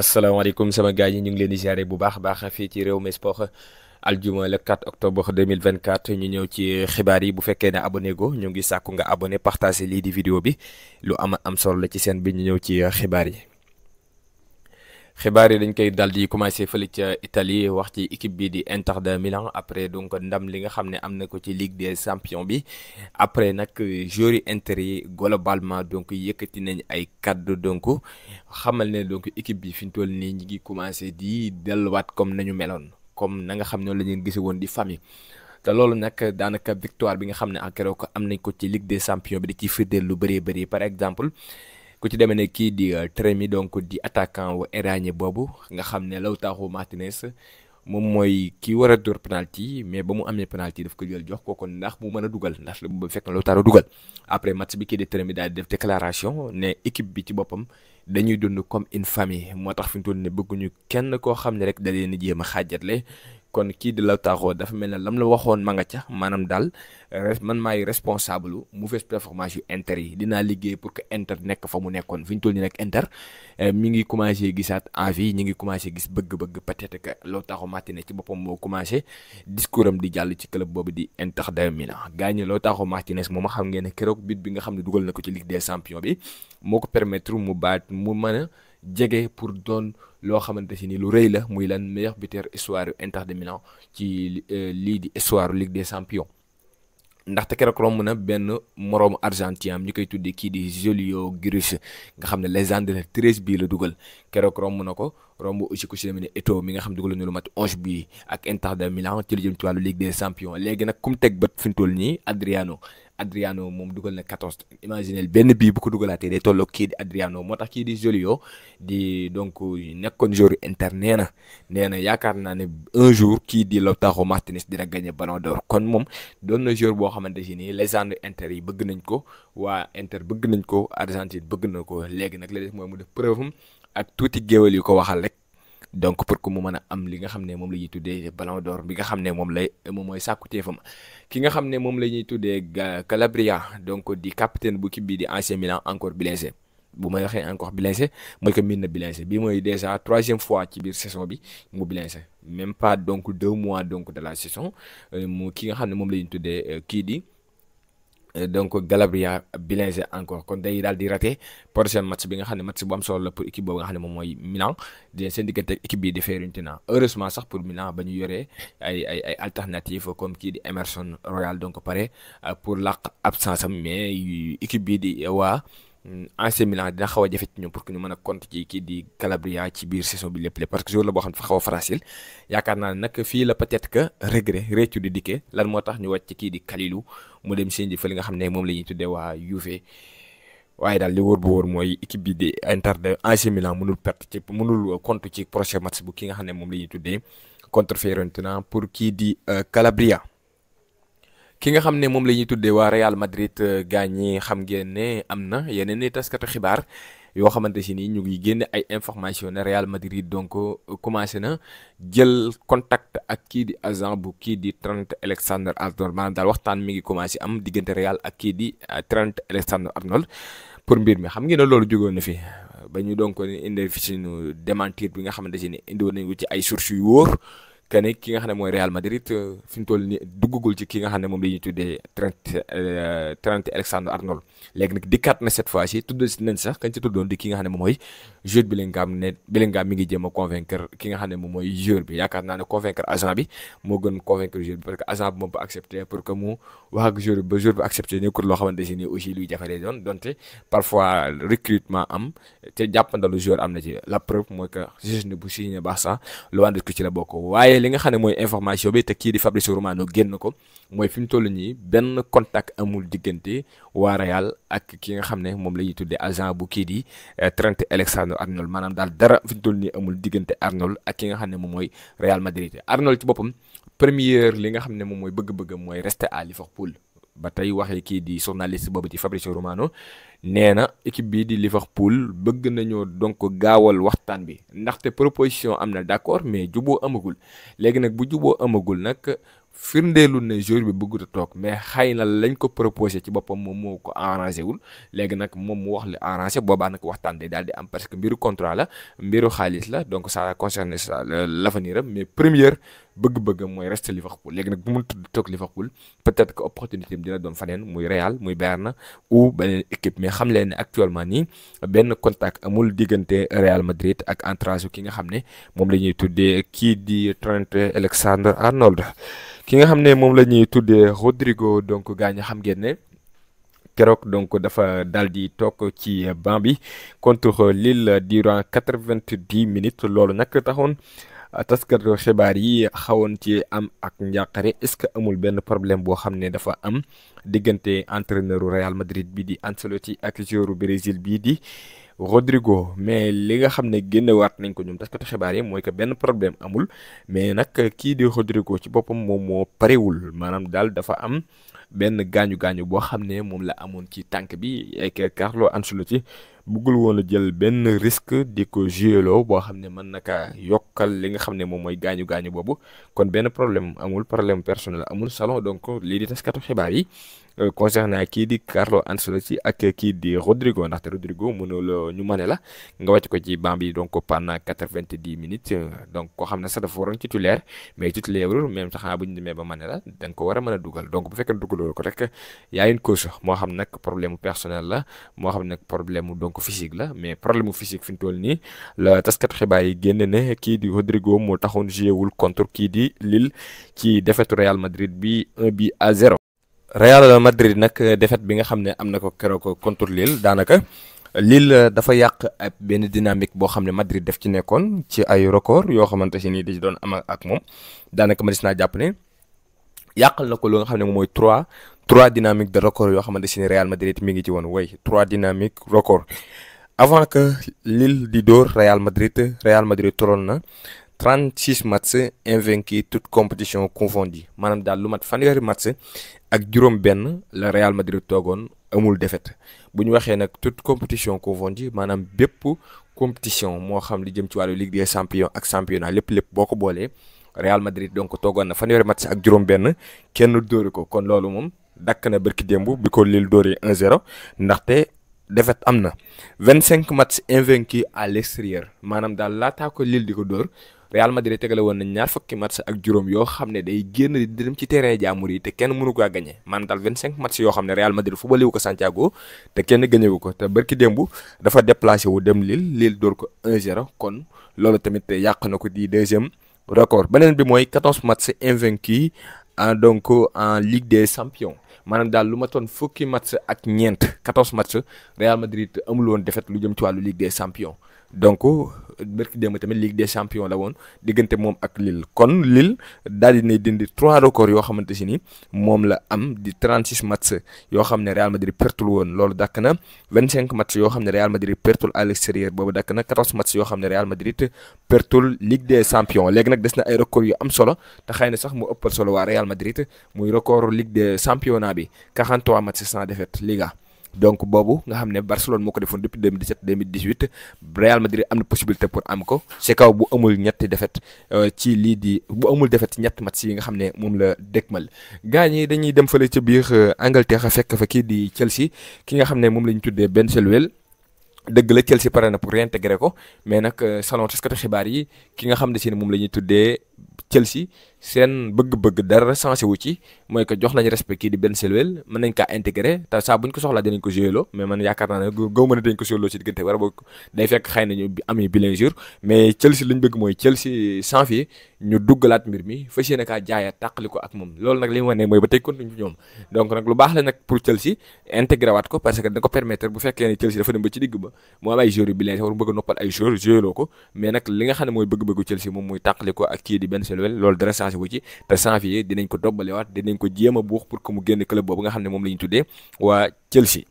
asalaamaaleykum sama gars yi ñu ngi leen di ziare bu baax baax fii ci réew mi sport aljuma le 4 octobre 2024 ñu ñëw ci xibaar yi bu fekkee ne abonné go ñu ngi sàkku nga abonné partagé lii di vidéo bi lu am am solo la ci seen bi ñu ñëw ci xibaar yi. xibaar yi dañ koy dal di commencé fële ca Italie wax ci équipe bi di Inter de Milan après donc ndam li nga xam ne am na ko ci Ligue des Champions bi après nag joueurs yi Inter yi globalement donc yëkkati nañ ay kaddu donc xamal ne donc équipe bi fi ñu toll nii ñu ngi commencé di delluwaat comme nañu meloon comme na nga xam ne la ñu gise woon di famille te loolu nag daanaka victoire bi nga xam ne ak keroog am nañ ko ci Ligue des Champions bi di ci firndeel lu bëree bëri par exemple. ku ci demee ne kii di euh, Trémi donc di attaquant wu iranien boobu nga xam ne Lautaro Martinez moom mooy kii war a door penalti mais ba mu amee penalti daf ko jël jox ko kon ndax mu mën a dugal ndax bu fekk na Lautaro dugal après match bi kii di Trémi daal di def déclaration ne équipe bi ci boppam dañuy dund comme une famille moo tax fi mu toll ne bëgguñu kenn koo xam ne rek da leen jéem a xaajatle kon kii di Lautaro dafa mel ne lam la waxoon ma nga ca maanaam daal man maay responsable mauvaise performance yu Inter yi dinaa liggéey pour que Inter nekk fa mu nekkoon fi ñu toll nii nag Inter eh, mi ngi commencé gisaat envie ñu ngi commencé gis bëgg-bëgg peut-être que Lautaro Martinez ci boppam moo commencé discours am di jàll ci club boobu di Inter de Milan gaañu Lautaro Martinez moom xam ngeen ne keroog bit bi nga xam ne dugal na ko ci Ligue des Champions ko permettre mu baat mu mën a doon. loo xamante si ni lu rëy la muy lan meilleur buteur histoire yu Inter de Milan ci euh, lii di histoire Ligue des ndax ndaxte keroog romb na benn moroomu argentin am ñu koy tuddee kii di Jolio Grich nga xam ne légende la treize bii la dugal keroog romb na ko romb aussi ku si demee ne Eto'o mi nga xam dugal na lu mat onze bii ak Inter de Milan ci lu jëm ci Ligue des Champions léegi nag kum teg bët fi mu toll nii Adriano Adriano moom dugal na 14 imaginez benn bii bu ko dugalaatee day tolloo kii di Adriano moo tax kii di Joliot di donc nekkoon joueur Inter nee na nee na yaakaar naa ne un jour kii di Lautaro Martinez dina gagné Ballon d'Or kon moom doon na joueur boo xamante si nii légende Inter yi bëgg nañ ko waa Inter bëgg nañ ko Argentine bëgg na ko léegi nag la def mooy mu def preuve ak tuuti géwél yu ko waxal rek. donc pour que mu mën a am li nga xam ne moom la ñuy tuddee ballon d'or bi nga xam ne moom lay moom mooy sàkkuteefam ki nga xam ne moom la ñuy tuddee Calabria donc di capitaine bu équipe bi di ancien Milan encore blessé bu may waxee encore blessé mooy que miin na blessé bi mooy déjà troisième fois ci biir saison bi mu blessé même pas donc deux mois donc de la saison euh, mu ki nga xam ne moom la ñuy tuddee euh, kii di. Euh, donc Calabria bilancé encore kon day daal di raté prochain match bi nga xam ne match bu am solo la pour équipe boobu nga xam ne moom mooy Milan di seen diggante ak équipe bii di Fiorentina heureusement kii di Emerson Royal donc pare euh, pour làq absence am mais équipe bii di waa mm, AC Milan dina a jafe ci ñoom pour que ñu mën a compter ci kii di Calabria ci biir saison bi lépp lépp parce que jour la boo xam ne fa xaw a facile yaakaar naa ne fii la peut-être que regret réccu di dikkee lan moo tax ñu wàcc kii di Kalilou mu dem seen di fa li nga xam ne moom la ñuy tuddee waa Juve waaye daal li wóor bu wóor mooy équipe bi di Inter de AC Milan mënul perte ci mënul compte ci prochain match bu ki nga xam ne moom la tuddee contre Fiorentina pour kii di euh, Calabria. ki nga xam ne moom la ñuy tuddee waa Real Madrid euh, gaañi xam ngeen ne am na yeneen i taskatu xibaar yoo xamante si nii ñu ngi génne ay information ne Real Madrid donc euh, commencé na jël contact ak kii di agent bu kii di Trent Alexander Arnold maanaam daal waxtaan mi ngi commencé am diggante Real ak kii di euh, Trent Alexander Arnold pour mbir mi xam ngeen ne loolu jógoon na fi ba ñu donc indi fi suñu démentir bi nga xamante si ni indi woon nañ ko ci ay sources yu wóor. kene ki nga xam ne mooy Real Madrid euh, fi toll nii duggagul ci ki nga xam ne moom la ñuy tuddee Trent euh, Trent Alexander Arnold léegi nag dikkaat na cette fois ci tudd nañ sax kañ ci tuddoon di ki nga xam ne moom mooy joueur Bellingham ne Bellingham a convaincre ki nga xam ne moom mooy joueur bi yaakaar naa ne convaincre agent bi moo gën convaincre joueur bi parce que agent bi moom ba accepté pour que mu wax ak joueur bi ba joueur bi accepté loo xamante si nii aussi luy jafe lay doon donte parfois recrutement am te jàppandalu joueur am na ci la preuve mooy que juge ne bu signé baax sax lu wàllu ci la bokk waaye li nga xam ne mooy information bi te kii di Fabrizio Romano génn ko mooy fi mu toll nii benn contact amul diggante waa Real ak ki nga xam ne moom la ñuy tuddee agent bu kii di eh, Trent Alexander-Arnold maanaam daal dara fi mu toll nii amul diggante Arnold ak ki nga xam ne moom mooy Real Madrid Arnold ci boppam première li nga xam ne moom mooy bëgg-bëggam mooy rester à Liverpool ba tey waxee kii di journaliste boobu ci Fabrizio Romano. nee na équipe bii di Liverpool bëgg nañoo donc gaawal waxtaan bi ndaxte proposition am na d'accord mais juboo amagul léegi nag bu juboo amagul nag firndeelu ne jour bi bëggut a toog mais xëy na la lañ ko proposé ci boppam moom moo ko arrangé wul léegi nag moom mu wax li arrangé boobaa nag waxtaan day daal di am parce que mbiru contrat la mbiru xaalis la donc ça concerne ça l'avenir am mais première bëgg-bëggam mooy rester Liverpool léegi nag bu mu tudd toog Liverpool peut-être que opportunité dina doon faneen muy Real muy Bayern ou xam leen ne actuellement nii benn contact amul diggante Real Madrid ak entourage ki nga xam ne moom la ñuy tuddee kii di Trent Alexander Arnold ki nga xam ne moom la ñuy tuddee Rodrigo donc gaa ñi xam ngeen ne. keroog donc dafa daal di toog ci banc bi contre Lille durant quatre-vingt-dix minutes loolu nag taxoon taskatu xibaar yi xawoon ci am ak njàqare est-ce que amul benn problème boo xam ne dafa am diggante entraîneur Real Madrid bi di ci ak joueur Brésil bii di Rodrigo mais li nga xam ne génnewaat nañ ko ñoom taskatu xibaar yi mooy que benn problème amul mais nag kii di Rodrigo ci boppam moom moo parewul maanaam daal dafa am benn gaañu gaañu boo xam ne moom la amoon ci tànk bi ak Carlo Ancelotti. bëggul woon a jël benn risque di ko jiyeloo boo xam ne mën na yokkal li nga xam ne moom mooy gaañu gaañu boobu kon benn problème amul problème personnel amul salon donc lii di taskatu xibaar yi euh, concernant kii di Carlo Ancelotti ak kii di Rodrigo ndaxte Rodrigo mënuloo ñu mane la nga wàcc ko ci banc bi donc pendant quatre-vingt-dix minutes euh, donc koo xam ne sax dafa waroon titulaire mais titulaire ba mane la ko war a dugal donc bu fekkee dugaloo ko rek moo xam nag problème personnel la moo xam nag problème mu donc physique la mais problème mu physique fi mu toll nii la taskat xibaar yi génn ne kii di Rodrigo moo taxoon joué wul contre kii di Lille ci défaitu Real Madrid bi 1 bi à 0. Real Madrid nag défaite bi nga xam ne am na ko keroog contre Lille daanaka. liil dafa yàq ab benn dynamique boo xam ne Madrid def ci nekkoon ci ay record yoo xamante si nii di doon am ak moom daanaka ma naa jàpp ne yàqal na ko lu nga xam ne mooy trois trois dynamiques de record yoo xamante si ne Real Madrid mi ngi ci woon way trois dynamiques record avant que Lille di dóor Real Madrid Real Madrid tolloon na 36 matchs invaincus toute compétition confondue maanaam daal lu mat fanweeri match ak juróom-benn la Real Madrid toogoon amul défaite bu ñu waxee nag toute compétition confondue maanaam bépp compétition moo xam li jëm ci wàllu Ligue des champions ak championnat lépp lépp boo ko boolee Real Madrid donc toogoon na fanweeri match ak juróom kenn dóori ko kon loolu moom. dakk na bërki démb bi ko Lille dóoree 1-0 ndaxte défaite am na 25 matchs invaincus à l'extérieur maanaam daal laataa ko Lille di ko dóor Real Madrid tegale woon na ñaar fukki match ak juróom yoo xam ne day génn di dem ci terrain jaamur yi te kenn mënu ko gagné maanaam daal 25 match yoo xam ne Real Madrid fu baliwu ko Santiago te kenn gagné ko te bërki démb dafa déplacé wu dem Lille Lille dóor ko 1-0 kon loolu tamit yàq na ko di deuxième record beneen bi mooy 14 matchs invaincus donc en Ligue des maanaam daal lu ma toon fukki match ak ñeent 14 match Real Madrid amul woon défaite lu jëm ci wàllu Ligue des Champions donc euh, barki démb tamit Ligue des champions la woon diggante moom ak Lille kon Lille daal di nay dindi trois records yoo xamante si ni moom la am di 36 matchs yoo xam ne Real Madrid pertul woon loolu dakk na 25 matchs yoo xam ne Real Madrid pertul à l'extérieur boobu dakk na 14 matchs yoo xam ne Real Madrid pertul Ligue des champions léegi nag des na ay records yu am solo te xëy na sax mu ëppal solo waa Real Madrid muy record Ligue des championnat bi 43 matchs sans défaite Liga. donc boobu nga xam ne Barcelone moo ko defoon depuis 2017 2018 Real Madrid am na possibilité pour am ko ci kaw bu amul ñetti défaite euh, ci lii di bu amul defet ci ñetti match yi nga xam ne moom la dëkkmal gaa ñi dañuy dem fële ca biir euh, Angleterre fekk fa kii di Chelsea ki nga xam ne moom la ñu tuddee Ben Chilwell dëgg la Chelsea pare na pour réintégrer ko mais nag euh, selon taskatu xibaar yi ki nga xam ne si moom la ñuy tuddee. Chelsea seen bëgg-bëgg dara sensé wu ci mooy que jox nañ respect kii di Ben Chilwell mën nañ kaa intégré te saa ñu ko soxlaa dinañ ko joué mais Chelsea li bëgg mooy Chelsea sans ko ak bu fekkee ne Chelsea dafa dem ba ci digg ba mu am ay joueurs yu blessé war mu bëgg a noppal ay joueurs joué loo ko mais nag li nga xam ne mooy bëgg-bëggu Chelsea moom mooy tàqali ko ak kii di benn cellule loolu dara changé wu ci te janvier dinañ ko dobbalewaat dinañ ko jéem a buux pour que mu génn club boobu nga xam ne moom la ñu tuddee waa Chelsea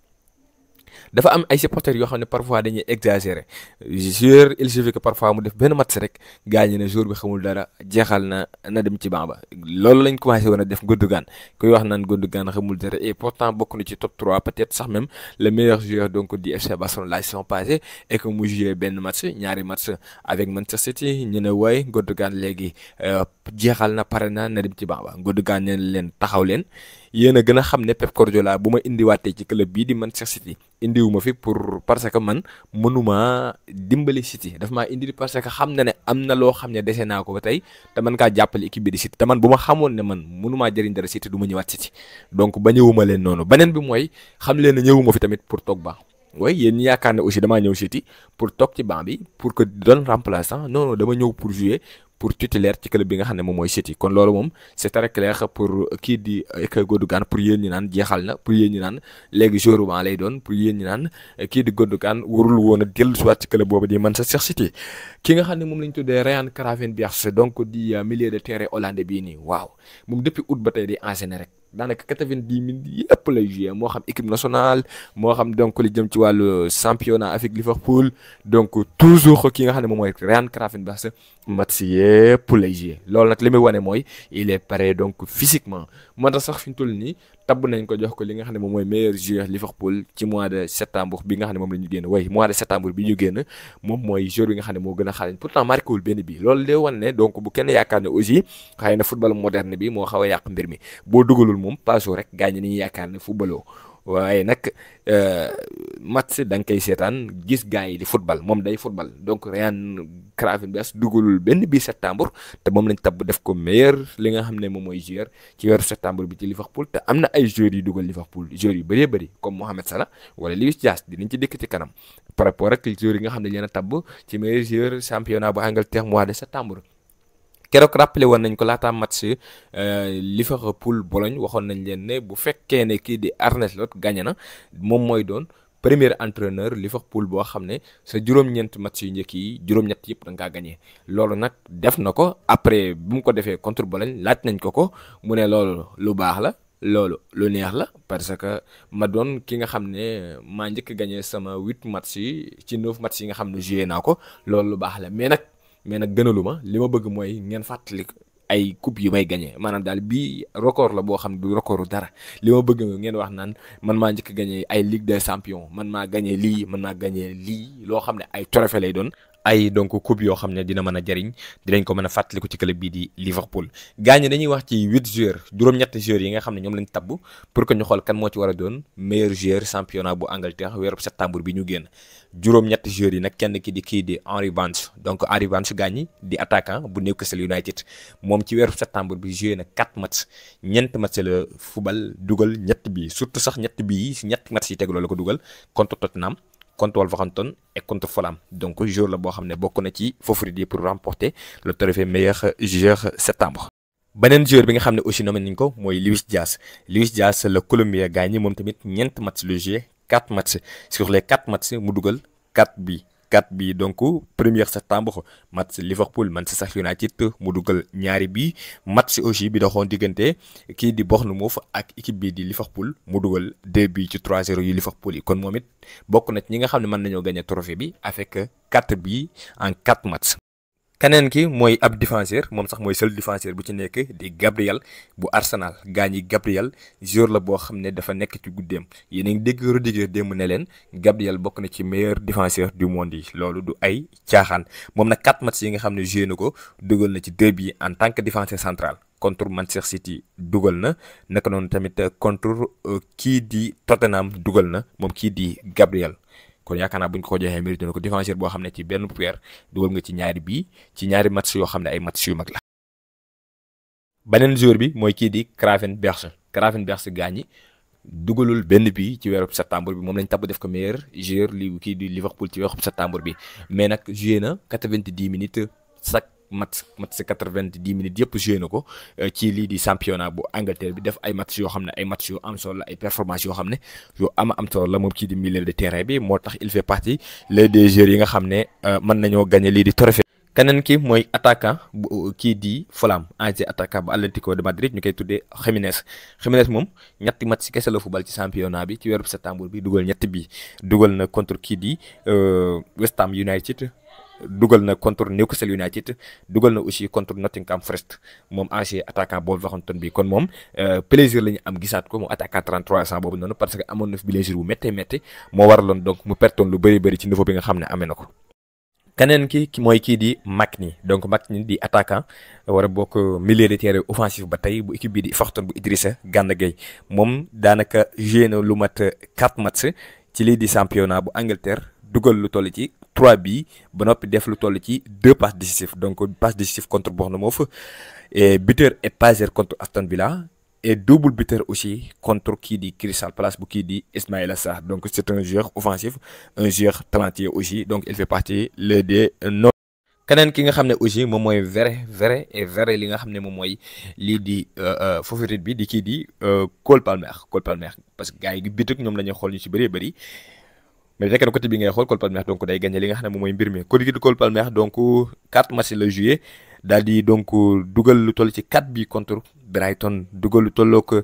dafa am ay supporters yoo xam ne parfois dañuy exagérer joueur il suffit que parfois mu def benn match rek gaañu ne jour bi xamul dara jeexal na na dem ci banc ba loolu lañ commencé woon def def Gundogan kuy wax naan Gundogan xamul dara et pourtant bokk na ci top 3 peut-être sax même le meilleur joueur donc du FC Barcelone la saison passée et mu joué benn match ñaari match avec Manchester City ñu ne waaye Gundogan léegi euh, jeexal na pare na na dem ci banc ba Gundogan ne leen taxaw leen. yéen a gën a xam ne Pep Guardiola bu ma indiwaatee ci club bii di man City indiwu ma fi pour parce que man mënuma dimbali City daf maa indi parce que xam na ne am na loo xam ne dese naa ko ba tey te man kaa jàppale équipe bi di City te man bu ma xamoon ne man mënumaa jëriñ dara City du ma ñëwaat City donc ba ñëwuma leen noonu beneen bi mooy xam leen ne ñëwuma fi tamit pour toog ba way yéen ñi yaakaar ne aussi damaa ñëw City pour toog ci banc bi pour que doon remplaçant non non dama ñëw pour jouer pour titulaire ci club bi nga xam ne moom mooy City kon loolu moom c'est très clair pour kii di Ilkay Gündogan pour yéen ñi naan jeexal na pour yéen ñi naan léegi joueur ban lay doon pour yéen ñi naan kii di Gündogan warul woon a dellusiwaat ci club boobu di Manchester City ki nga xam ne moom la ñu tuddee Ryan Gravenberch donc di euh, milieu de terrain hollandais bii nii waaw moom depuis août ba tey di enchaîner rek daanaka quatre-vingt-dix minutes yëpp lay joué moo xam équipe nationale moo xam donc li jëm ci wàllu championnat avec Liverpool donc toujours ki nga xam ne moom mooy Ryan Gravenberch match yëpp lay joué loolu nag li muy wane mooy il est paré donc physiquement moo tax sax fi mu toll nii tabb nañ ko jox ko li nga xam ne moom mooy meilleur joueur Liverpool ci mois de septembre bi nga xam ne moom la ñu génn way mois de septembre bi ñu génn moom mooy joueur bi nga xam ne moo gën a xarañ pourtant marqué wul benn bi loolu day wan donc bu kenn yaakaar ne aussi xëy na football moderne bi moo xaw a yàq mbir mi boo dugalul moom paasoo rek gaañ nañu waaye nag euh, match da nga koy seetaan gis gars yi di football moom day football donc Ryan Gravenberch dugalul benn bii septembre te moom lañ tabb def ko meilleur li nga xam ne moom mooy joueur ci weeru septembre bi ci Liverpool te am na ay joueurs yu dugal Liverpool joueurs yu bëree bëri comme Mohamed Salah wala Luis Diaz dinañ ci dëkk ci kanam par rapport ak joueurs yi nga xam ne leen a tabb ci meilleur joueur championnat bu Angleterre mois de septembre. keroog rappelé woon nañ ko laataa match euh, Liverpool Bologne waxoon nañ leen ne bu fekkee ne kii di Arne Slot gañe na moom mooy doon premier entraîneur Liverpool boo xam ne sa juróom-ñeent match yu njëkk yi juróom-ñett yëpp da nga loolu nag def na ko après bu mu ko defee contre Bologne laaj nañ ko ko mu ne loolu lu baax la. loolu lu neex la parce que ma doon ki nga xam ne maa njëkk gañe sama huit match yi ci neuf match yi nga xam ne joué naa ko loolu lu baax la mais nag mais nag gënalu li ma bëgg mooy ngeen fàttali ay coupe yu may gagné maanaam daal bii record la boo xam ne du recordu dara li ma bëgg ngeen wax naan man maa njëkk gagné ay Ligue des champions man maa gagné lii man maa gagné lii loo xam ne ay trophée lay doon ay donc coupe yoo xam ne dina mën a jariñ dinañ ko mën a fàttaliku ci club bii di Liverpool gaañu dañuy wax ci huit joueurs juróom-ñetti joueurs yi nga xam ne ñoom lañ tabb pour que ñu xool kan moo ci war a doon meilleur joueur championnat bu Angleterre weeru septembre bi ñu génn juróom-ñetti joueurs yi nag kenn ki di kii di Henry Barnes donc Henry Barnes gaañi di attaquant bu Newcastle United moom ci weeru septembre bi joué na quatre matchs ñeent match la fubal dugal ñett bii surtout sax ñett bii ñett match yi tegaloo la ko dugal contre Tottenham contre Wolverhampton et contre Fulham donc jour la boo xam ne bokk na ci favori pour remporter le trophée meilleur joueur septembre. beneen joueur bi nga xam ne aussi nommé nañ ko mooy Luis Diaz Luis Diaz le Colombien ñi moom tamit ñeent match le joué quatre matchs sur les quatre matchs mu dugal quatre bi 4 bi donc premier septembre match Liverpool Manchester United mu dugal ñaari bi match aussi bi doxoon diggante kii di Bournemouth ak équipe bi di Liverpool mu dugal 2 bi ci 3-0 yu Liverpool yi kon moom it bokk na ñi nga xam ne mën nañoo gagné trophée bi avec 4 bi en 4 matchs. keneen ki mooy ab défenseur moom sax mooy seul défenseur bu ci nekk di Gabriel bu Arsenal gaa ñi Gabriel jour la boo xam ne dafa nekk ci guddeem yéen a ngi dégg Rudiger démb ne leen Gabriel bokk na ci meilleur défenseur du monde yi loolu du ay caaxaan moom nag 4 matchs yi nga xam ne joué na ko dugal na ci 2 bi en tant que centrale central. contre Manchester City dugal na naka noonu tamit contre euh, kii di Tottenham dugal na moom kii di Gabriel kon yaakaar naa buñ ko ko joxee mérite na ko défenseur boo xam ne ci benn weer dugal nga ci ñaari bii ci ñaari match yoo xam ne ay match yu mag la. beneen joueur bi mooy kii di Gravenberch Gravenberch gaañi dugalul benn bi ci weeru septembre bi moom lañ tab def ko meilleur joueur li kii di Liverpool ci weeru septembre bi mais nag joué na quatre-vingt-dix minutes chaque. match match si quatre-vingt-dix minutes yëpp joué na ko euh, ci lii di championnat bu Angleterre bi def ay match yoo xam ne ay match yu am solo ay performance yoo xam ne yu am am solo la moom kii di milieu de terrain bi moo tax il fait partie les des joueurs yi nga xam ne euh, mën nañoo gagné lii di trophée keneen ki mooy attaquant bu euh, kii di Fulham ancien attaquant bu Atlético de Madrid ñu koy tuddee Jiménez Jiménez moom ñetti match si kese la football ci championnat bi ci weeru septembre bi dugal ñetti bi dugal na contre kii di West Ham United dugal na contre Newcastle United dugal na aussi contre Nottingham Forest moom ancien attaquant Wolverhampton bi kon moom euh, plaisir la ñu am gisaat ko moom attaquant 33 ans boobu noonu parce que amoon na fi blessure bu méttee méttee moo waraloon donc mu pertoon lu bëri bëri ci niveau bi nga xam ne amee na ko. keneen ki mooy kii di Makhny donc Makhny di attaquant war a bokk milieu de terrain offensif ba tey bu équipe bi di Everton bu Idrissa moom daanaka na lu mat 4 matchs ci lii di championnat bu Angleterre dugal lu toll ci. 3 bi ba noppi def lu toll ci deux passes décisives donc passe décisive contre Bournemouth et buteur et passeur contre Aston Villa et double buteur aussi contre kii di Crystal Palace bu kii di Ismaïla Sarr donc c'est un joueur offensif un joueur talentueux aussi donc il fait partie le des non keneen ki nga xam ne aussi moom mooy vrai vrai et vrai li nga xam ne moom mooy lii di euh, euh, favorite bi di kii di euh, Cole Palmer Cole Palmer parce que gars yi bi tëg ñoom la ñuy xool ñu ci bëree bëri mais bu fekkee ne côté bi ngay xool Cole Palmer donc day gagné li nga xam ne mooy mbir mi côté di Cole donc 4 matchs la joué daal di donc dugal lu toll ci 4 bi contre euh,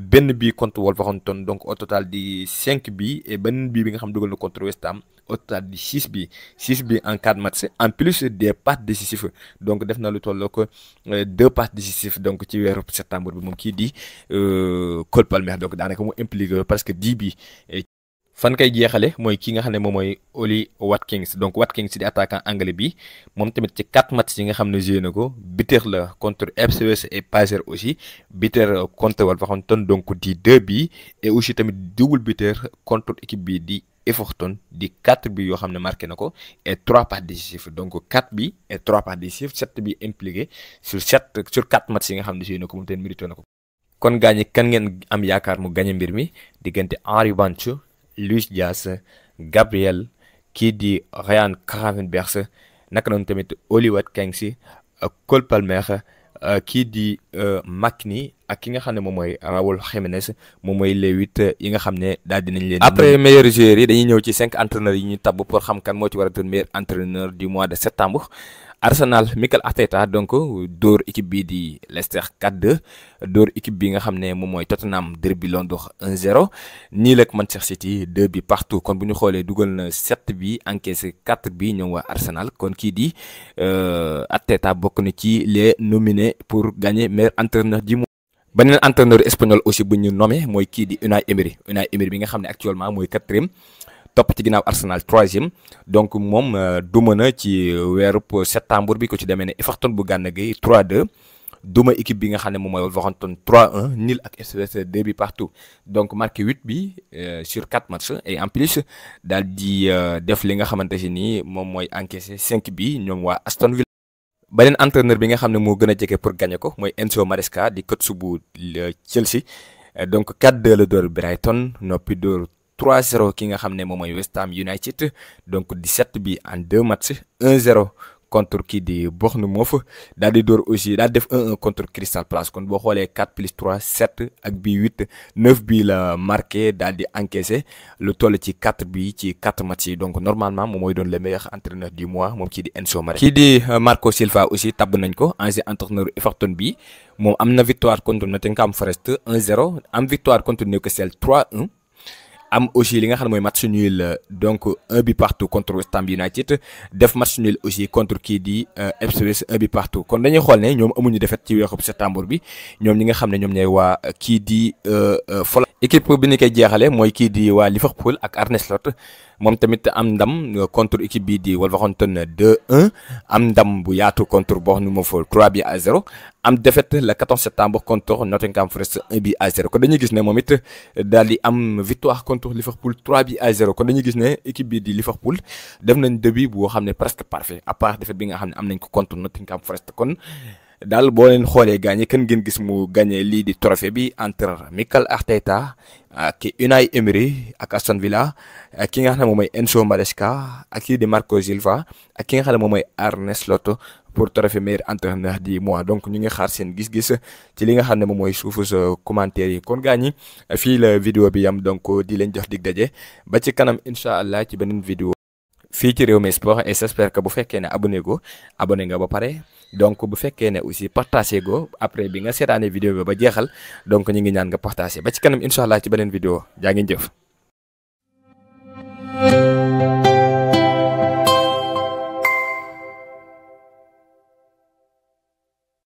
benn bi contre Wolverhampton donc au total di 5 bi benn bii bi nga xam dugal na contre West Ham au total bi 6 bi en 4 matchs en plus des passes décisives donc na lu tollook 2 euh, passes décisives donc ci weeru septembre bi moom kii di euh, Cole Palmer donc daanaka mu impliqué parce que 10 bi. fan kay jeexale mooy kii nga xam ne moom mooy Oli Watkins donc Watkins di attaquant anglais bi moom tamit ci quatre matchs nga xam ne joué na ko buteur la contre FCS et Pazer aussi buteur contre Wolverhampton donc di deux bi aussi tamit double buteur contre équipe bi di Everton di quatre bi yoo xam ne marqué na ko et trois passes décisives donc quatre bi et trois passes décisives sept bi impliqué sur sept sur quatre yi nga xam ne joué na ko moom tamit mérité na ko. kon gaañi kan ngeen am yaakaar mu gañe mbir mi diggante en Bancho Luis Diaz Gabriel kii di Ryan Gravenberch naka noonu tamit Oliver Keynes Cole Palmer kii di euh, McNeil ak ki nga xam ne moom mooy Raúl Jiménez moom mooy les huit yi nga xam ne daal dinañ leen. après meilleurs joueurs yi dañuy ñëw ci cinq entraîneurs yi ñu tabb pour xam kan moo ci war a doon meilleur entraîneur du mois de septembre. Arsenal Mikel Arteta donc dóor équipe bii di Leicester 4-2 dóor équipe bi nga xam ne moom mooy Tottenham derby Londres 1-0 nii la ak Manchester City 2 bi partout kon bu ñu xoolee dugal na 7 bi encaissé 4 bi ñoom waa Arsenal kon kii di euh, Arteta bokk na ci les nominés pour gagner meilleur entraîneur ji neen entraîneur espagnol aussi bu ñu nommé mooy kii di Unai Emery Unai Emery bi nga xam ne actuellement mooy quatrième. topp ci ginnaaw Arsenal troisième donc moom euh, duma na ci euh, weeru pour septembre bi ko ci demee ne Everton bu Gana Gueye 3 de duma équipe bi nga xam ne moom mooy Wolverhampton 3-1 nil ak SVT 2 bi partout donc marqué bi euh, sur 4 matchs et en plus daal di def li nga xamante si nii moom mooy encaissé cinq bi ñoom waa Aston Villa. beneen entraîneur bi nga xam ne moo gën a jege pour gagné ko mooy Enzo Maresca di coach bu Chelsea donc 4 de la door Brighton noppi 3-0 ki nga xam ne moom mooy West Ham United donc 17 bi en deux matchs 1-0 contre kii di Bournemouth daal di door aussi daal def 1-1 contre Crystal Palace kon boo xoolee 4 plus 3 7 ak bi 8 9 bi la marqué daal di encaissé lu toll ci 4 bi ci 4 matchs yi donc normalement moom mooy doon le meilleur entraîneur du mois moom kii di Enzo Mare. kii di euh, Marco Silva aussi tabb nañ ko ancien entraîneur Everton bi moom am na victoire contre Nottingham Forest 1-0 am victoire contre am aussi li nga xam ne mooy match nul euh, donc un but partout contre West Ham United def match nul aussi contre kii di Ipswich euh, un but partout kon dañuy xool ne ñoom amuñu defet ci weexub septembre bi ñoom ñi nga xam ne ñoom ñooy waa euh, kii di équipe bi ni koy jeexale mooy kii di waa Liverpool ak Arne Slot moom tamit am ndam contre équipe bi di Wolverhampton 2-1 am ndam bu yaatu contre Bournemouth 3 bi à 0 am défaite le 14 septembre contre Nottingham bi à 0 kon dañuy gis ne moom it daal di am victoire contre Liverpool 3 bi à 0 kon dañuy gis ne équipe bi di Liverpool def nañ début boo xam ne presque parfait à part défaite bi nga xam ne am nañ ko contre Nottingham Forest kon. daal boo leen xoolee gagné kan ngeen gis mu gagné lii di trophée bi entre Mikel Arteta ah, ak Unai Emery ak Aston Villa ak ki nga xam ne moom mooy Enzo Maresca ak kii di Marco Silva ak ki nga xam ne moom mooy Arne Slot pour trophée meilleur entraîneur du mois donc ñu ngi xaar seen gis-gis ci li nga xam ne moom mooy suufu sa commentaire yi kon gaañi fii la vidéo bi yam donc di leen jox dig daje ba ci kanam incha allah ci beneen vidéo fii ci Rewmi Sport et j'espère que bu fekkee ne abonné go abonné nga ba pare donc bu fekkee ne aussi partagé après bi nga seetaanee vidéo bi ba jeexal donc ñu ngi ñaan nga partagé ba ci kanam incha allah ci beneen vidéo jaa ngi jëf.